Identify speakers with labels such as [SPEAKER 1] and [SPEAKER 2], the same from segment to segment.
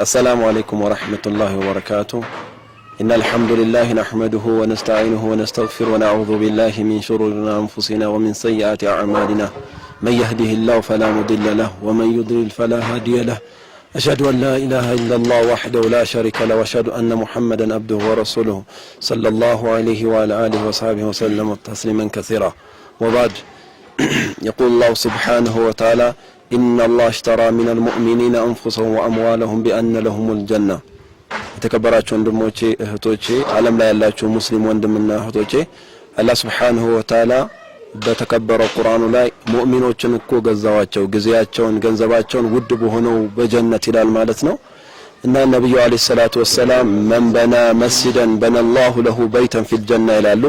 [SPEAKER 1] السلام عليكم ورحمة الله وبركاته إن الحمد لله نحمده ونستعينه ونستغفر ونعوذ بالله من شرور أنفسنا ومن سيئات أعمالنا من يهده الله فلا مضل له ومن يضلل فلا هادي له أشهد أن لا إله إلا الله وحده لا شريك له وأشهد أن محمدا عبده ورسوله صلى الله عليه وعلى آله وصحبه وسلم تسليما كثيرا وبعد يقول الله سبحانه وتعالى ኢና ላህ አሽተራ ሚነል ሙእሚኒና አንፉሰሁም ወአምዋለሁም ቢአነ ለሁሙል ጀና። የተከበራችሁ ወንድሞቼ እህቶቼ፣ ዓለም ላይ ያላችሁ ሙስሊም ወንድምና እህቶቼ አላህ ስብሓንሁ ወተዓላ በተከበረው ቁርአኑ ላይ ሙእሚኖችን እኮ ገዛዋቸው፣ ጊዜያቸውን፣ ገንዘባቸውን ውድ በሆነው በጀነት ይላል ማለት ነው። እና ነቢዩ አለይሂ ሰላቱ ወሰላም መን መስጂደን በነላሁ ለሁ በይተን ፊል ጀና ይላሉ።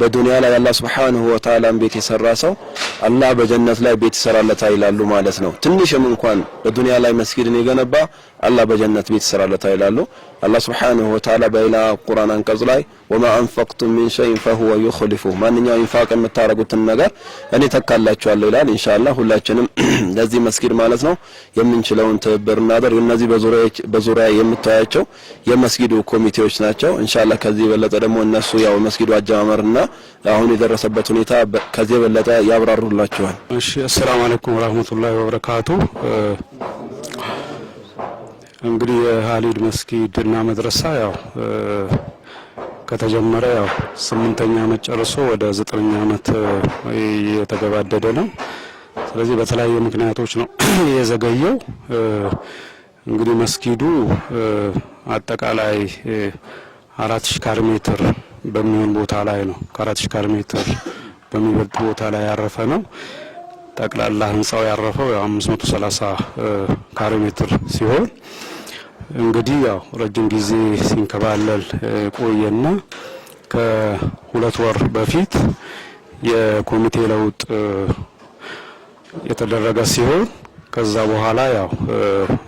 [SPEAKER 1] በዱንያ ላይ አላህ ስብሓንሁ ወተዓላን ቤት የሰራ ሰው አላህ በጀነት ላይ ቤት ይሰራለታል ይላሉ ማለት ነው። ትንሽም እንኳን በዱንያ ላይ መስጊድን የገነባ አላህ በጀነት ቤት ይሰራለታል ይላሉ። አላህ ሱብሓነሁ ወተዓላ በሌላ ቁርአን አንቀጽ ላይ ወማ አንፈቅቱም ሚን ሸይን ፈሁወ ዩኽሊፉ፣ ማንኛው ኢንፋቅ የምታረጉትን ነገር እኔ ተካላችኋለሁ ይላል። ኢንሻአላህ ሁላችንም ለዚህ መስጊድ ማለት ነው የምንችለውን ትብብር እናደርግ። እነዚህ በዙሪያ የምታያቸው የመስጊዱ ኮሚቴዎች ናቸው። ኢንሻአላህ ከዚህ የበለጠ ደግሞ እነሱ ያው መስጊዱ አጀማመርና አሁን የደረሰበት ሁኔታ ከዚህ የበለጠ ያብራሩ ይቀርቡላችኋል?
[SPEAKER 2] እሺ፣ አሰላሙ አለይኩም ወራህመቱላሂ ወበረካቱ። እንግዲህ የሀሊድ መስጊድ እና መድረሳ ያው ከተጀመረ ያው ስምንተኛ ዓመት ጨርሶ ወደ ዘጠነኛ ዓመት እየተገባደደ ነው። ስለዚህ በተለያየ ምክንያቶች ነው የዘገየው። እንግዲህ መስጊዱ አጠቃላይ አራት ሺ ካሬ ሜትር በሚሆን ቦታ ላይ ነው ከአራት ሺ ካሬ ሜትር በሚበልጥ ቦታ ላይ ያረፈ ነው። ጠቅላላ ህንፃው ያረፈው ያው 530 ካሬ ሜትር ሲሆን እንግዲህ ያው ረጅም ጊዜ ሲንከባለል ቆየና ከሁለት ወር በፊት የኮሚቴ ለውጥ የተደረገ ሲሆን ከዛ በኋላ ያው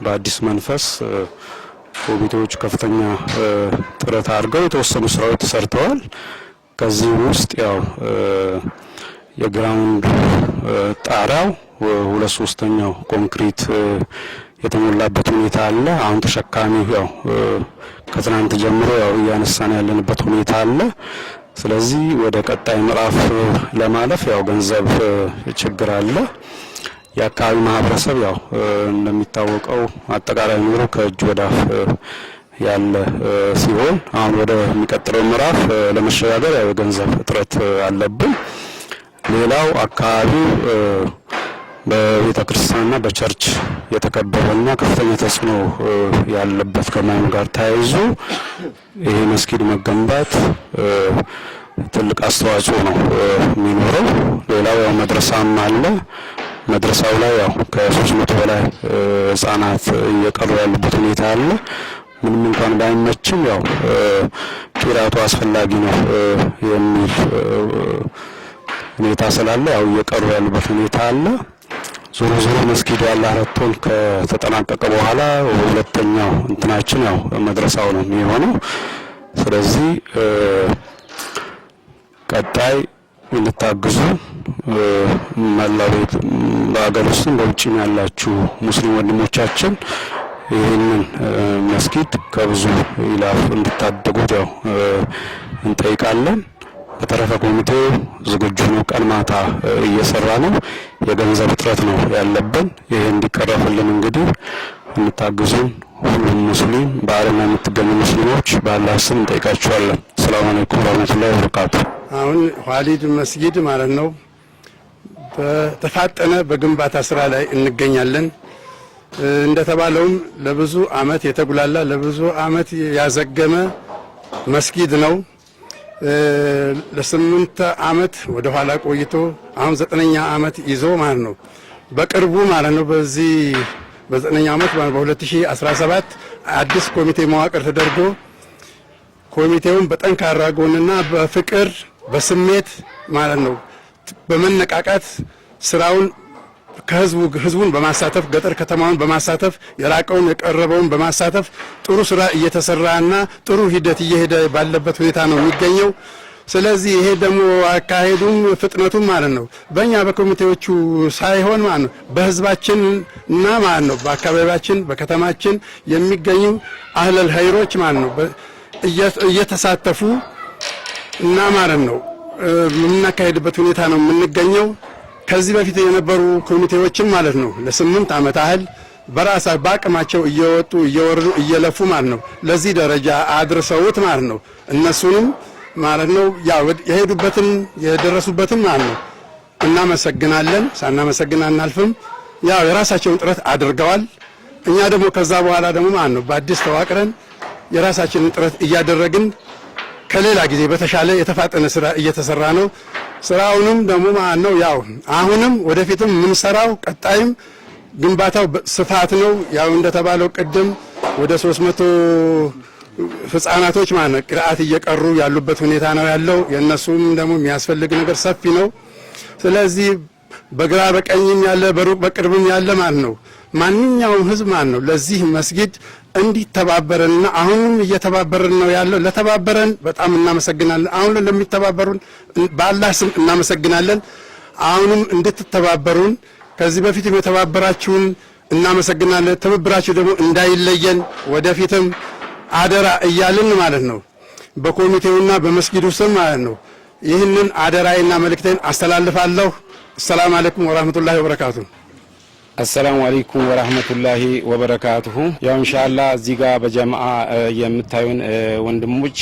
[SPEAKER 2] በአዲስ መንፈስ ኮሚቴዎች ከፍተኛ ጥረት አድርገው የተወሰኑ ስራዎች ተሰርተዋል። ከዚህ ውስጥ ያው የግራውንድ ጣሪያው ሁለት ሶስተኛው ኮንክሪት የተሞላበት ሁኔታ አለ። አሁን ተሸካሚው ያው ከትናንት ጀምሮ ያው እያነሳን ያለንበት ሁኔታ አለ። ስለዚህ ወደ ቀጣይ ምዕራፍ ለማለፍ ያው ገንዘብ ችግር አለ። የአካባቢ ማህበረሰብ ያው እንደሚታወቀው አጠቃላይ ኑሮ ከእጅ ወዳፍ ያለ ሲሆን አሁን ወደ የሚቀጥለው ምዕራፍ ለመሸጋገር ያው የገንዘብ እጥረት አለብን። ሌላው አካባቢው በቤተ ክርስቲያንና በቸርች የተከበበና ከፍተኛ ተጽዕኖ ያለበት ከመሆኑ ጋር ተያይዞ ይሄ መስጊድ መገንባት ትልቅ አስተዋጽኦ ነው የሚኖረው። ሌላው ያው መድረሳም አለ። መድረሳው ላይ ያው ከሶስት መቶ በላይ ህጻናት እየቀሩ ያሉበት ሁኔታ አለ። ምንም እንኳን ባይመችም ያው ፒራቱ አስፈላጊ ነው የሚል ሁኔታ ስላለ ያው እየቀሩ ያሉበት ሁኔታ አለ። ዞሮ ዞሮ መስጊዱ ያለ አረቶን ከተጠናቀቀ በኋላ ሁለተኛው እንትናችን ያው መድረሳው ነው የሚሆነው። ስለዚህ ቀጣይ እንድታግዙ መላው በሀገር ውስጥም በውጭም ያላችሁ ሙስሊም ወንድሞቻችን ይህንን መስጊድ ከብዙ ኢላፍ እንድታደጉት ያው እንጠይቃለን። በተረፈ ኮሚቴው ዝግጁ ነው። ቀን ማታ እየሰራ ነው። የገንዘብ እጥረት ነው ያለብን። ይሄ እንዲቀረፍልን እንግዲህ እንታግዙን። ሁሉም ሙስሊም በዓለም የምትገኙ ሙስሊሞች በአላህ ስም እንጠይቃችኋለን። ሰላም አለይኩም ወረህመቱላሂ ወበረካቱ። አሁን ዋሊድ መስጊድ ማለት ነው በተፋጠነ በግንባታ ስራ ላይ እንገኛለን። እንደተባለውም ለብዙ ዓመት የተጉላላ ለብዙ ዓመት ያዘገመ መስጊድ ነው። ለስምንት ዓመት ወደ ኋላ ቆይቶ አሁን ዘጠነኛ ዓመት ይዞ ማለት ነው በቅርቡ ማለት ነው በዚህ በዘጠነኛ ዓመት በ2017 አዲስ ኮሚቴ መዋቅር ተደርጎ ኮሚቴውን በጠንካራ ጎንና በፍቅር በስሜት ማለት ነው በመነቃቃት ስራውን ከህዝቡ ህዝቡን በማሳተፍ ገጠር ከተማውን በማሳተፍ የራቀውን የቀረበውን በማሳተፍ ጥሩ ስራ እየተሰራና ጥሩ ሂደት እየሄደ ባለበት ሁኔታ ነው የሚገኘው። ስለዚህ ይሄ ደግሞ አካሄዱም ፍጥነቱም ማለት ነው በእኛ በኮሚቴዎቹ ሳይሆን ማለት ነው በህዝባችን እና ማለት ነው በአካባቢያችን በከተማችን የሚገኙ አህለል ሀይሮች ማለት ነው እየተሳተፉ እና ማለት ነው የምናካሄድበት ሁኔታ ነው የምንገኘው። ከዚህ በፊት የነበሩ ኮሚቴዎችም ማለት ነው ለስምንት ዓመት ያህል በራሳ በአቅማቸው እየወጡ እየወረዱ እየለፉ ማለት ነው ለዚህ ደረጃ አድርሰውት ማለት ነው። እነሱንም ማለት ነው ያው የሄዱበትን የደረሱበትም ማለት ነው እናመሰግናለን። ሳናመሰግን አናልፍም። ያው የራሳቸውን ጥረት አድርገዋል። እኛ ደግሞ ከዛ በኋላ ደግሞ ማለት ነው በአዲስ ተዋቅረን የራሳችንን ጥረት እያደረግን ከሌላ ጊዜ በተሻለ የተፋጠነ ስራ እየተሰራ ነው። ስራውንም ደግሞ ማን ነው ያው አሁንም ወደፊትም የምንሰራው ቀጣይም ግንባታው ስፋት ነው። ያው እንደተባለው ቅድም ወደ 300 ህጻናቶች ማነ ቅርአት እየቀሩ ያሉበት ሁኔታ ነው ያለው። የእነሱም ደግሞ የሚያስፈልግ ነገር ሰፊ ነው። ስለዚህ በግራ በቀኝም ያለ በሩቅ በቅርብም ያለ ማለት ነው ማንኛውም ህዝብ ማን ነው ለዚህ መስጊድ እንዲተባበረንና አሁንም እየተባበረን ነው ያለው። ለተባበረን በጣም እናመሰግናለን። አሁን ለሚተባበሩን በአላህ ስም እናመሰግናለን። አሁንም እንድትተባበሩን ከዚህ በፊትም የተባበራችሁን እናመሰግናለን። ትብብራችሁ ደግሞ እንዳይለየን ወደፊትም አደራ እያልን ማለት ነው በኮሚቴውና በመስጊዱ ስም ማለት ነው። ይህንን አደራዬና መልእክቴን አስተላልፋለሁ። አሰላም አለይኩም ወራህመቱላሂ ወበረካቱሁ አሰላሙ አለይኩም ወራህመቱላሂ ወበረካቱሁ። ያው እንሻላ እዚህ ጋር በጀማአ የምታዩን ወንድሞች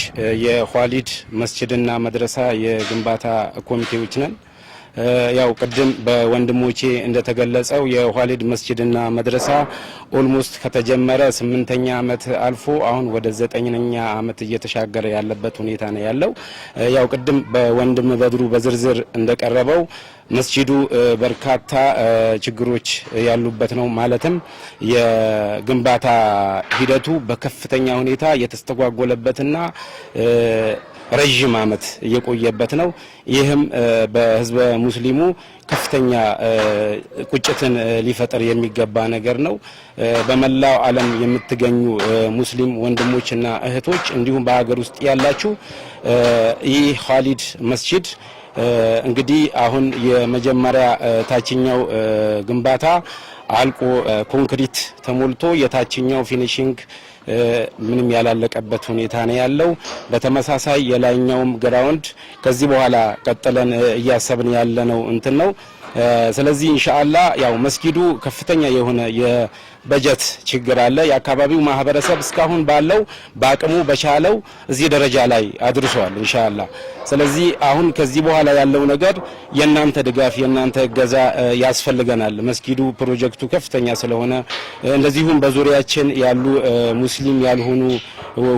[SPEAKER 2] የኋሊድ መስጅድና መድረሳ የግንባታ ኮሚቴዎች ነን። ያው ቅድም በወንድሞቼ እንደተገለጸው የኋሊድ መስጅድና መድረሳ ኦልሞስት ከተጀመረ ስምንተኛ አመት አልፎ አሁን ወደ ዘጠኝነኛ አመት እየተሻገረ ያለበት ሁኔታ ነው ያለው። ያው ቅድም በወንድም በድሩ በዝርዝር እንደቀረበው መስጂዱ በርካታ ችግሮች ያሉበት ነው። ማለትም የግንባታ ሂደቱ በከፍተኛ ሁኔታ የተስተጓጎለበትና ረዥም ዓመት እየቆየበት ነው። ይህም በህዝበ ሙስሊሙ ከፍተኛ ቁጭትን ሊፈጥር የሚገባ ነገር ነው። በመላው ዓለም የምትገኙ ሙስሊም ወንድሞችና እህቶች እንዲሁም በሀገር ውስጥ ያላችሁ ይህ ኻሊድ መስጂድ እንግዲህ አሁን የመጀመሪያ ታችኛው ግንባታ አልቆ ኮንክሪት ተሞልቶ የታችኛው ፊኒሽንግ ምንም ያላለቀበት ሁኔታ ነው ያለው። በተመሳሳይ የላይኛውም ግራውንድ ከዚህ በኋላ ቀጥለን እያሰብን ያለነው እንትን ነው። ስለዚህ ኢንሻአላ ያው መስጊዱ ከፍተኛ የሆነ በጀት ችግር አለ። የአካባቢው ማህበረሰብ እስካሁን ባለው በአቅሙ በቻለው እዚህ ደረጃ ላይ አድርሷል እንሻላ። ስለዚህ አሁን ከዚህ በኋላ ያለው ነገር የእናንተ ድጋፍ የእናንተ እገዛ ያስፈልገናል። መስጊዱ ፕሮጀክቱ ከፍተኛ ስለሆነ እንደዚሁም በዙሪያችን ያሉ ሙስሊም ያልሆኑ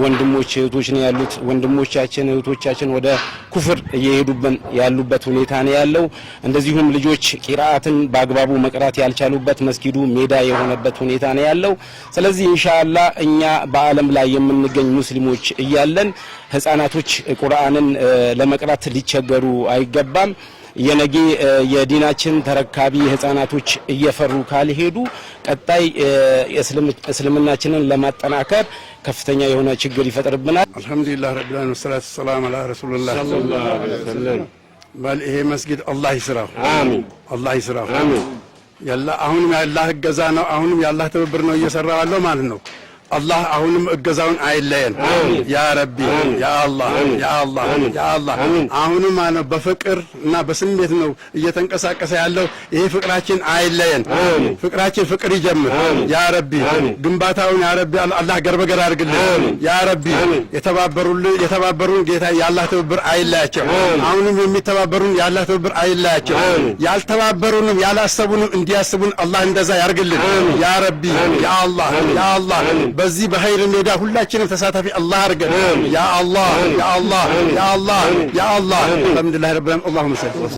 [SPEAKER 2] ወንድሞች እህቶች ነው ያሉት። ወንድሞቻችን እህቶቻችን ወደ ኩፍር እየሄዱብን ያሉበት ሁኔታ ነው ያለው። እንደዚሁም ልጆች ቂራአትን በአግባቡ መቅራት ያልቻሉበት መስጊዱ ሜዳ የሆነበት ሁኔታ ሁኔታ ነው ያለው። ስለዚህ ኢንሻአላ እኛ በዓለም ላይ የምንገኝ ሙስሊሞች እያለን ህፃናቶች ቁርአንን ለመቅራት ሊቸገሩ አይገባም። የነገ የዲናችን ተረካቢ ህፃናቶች እየፈሩ ካልሄዱ ቀጣይ እስልምናችንን ለማጠናከር ከፍተኛ የሆነ ችግር ይፈጥርብናል። አልሐምዱሊላህ ረቢል ዓለሚን ወሰላቱ ወሰላም አላ ረሱልላህ። ይሄ መስጊድ አላህ ይስራው፣ አሚን። አላህ ይስራው። አሚን። አሁንም ያላህ እገዛ ነው፣ አሁንም ያላህ ትብብር ነው እየሰራ ያለው ማለት ነው። አላህ አሁንም እገዛውን አይለየን። ያ ረቢ ያ አላህ ያ አላህ ያ አላህ። አሁንም ማለት በፍቅር እና በስሜት ነው እየተንቀሳቀሰ ያለው። ይሄ ፍቅራችን አይለየን። ፍቅራችን ፍቅር ይጀምር። ያ ረቢ ግንባታውን ያ ረቢ አላህ ገርበገር አድርግልን። ያ ረቢ የተባበሩልን የተባበሩን ጌታ የአላህ ትብብር አይለያቸው። አሁንም የሚተባበሩን የአላህ ትብብር አይለያቸው። ያልተባበሩንም ያላሰቡንም እንዲያስቡን አላህ እንደዛ ያርግልን። ያ ረቢ ያ አላህ ያ አላህ በዚህ በኸይር ሜዳ ሁላችንም ተሳታፊ አላህ አድርገን። ያ አላህ ያ አላህ ያ አላህ ያ አላህ አልሐምዱሊላህ ረብል ዓለሚን አላሁመ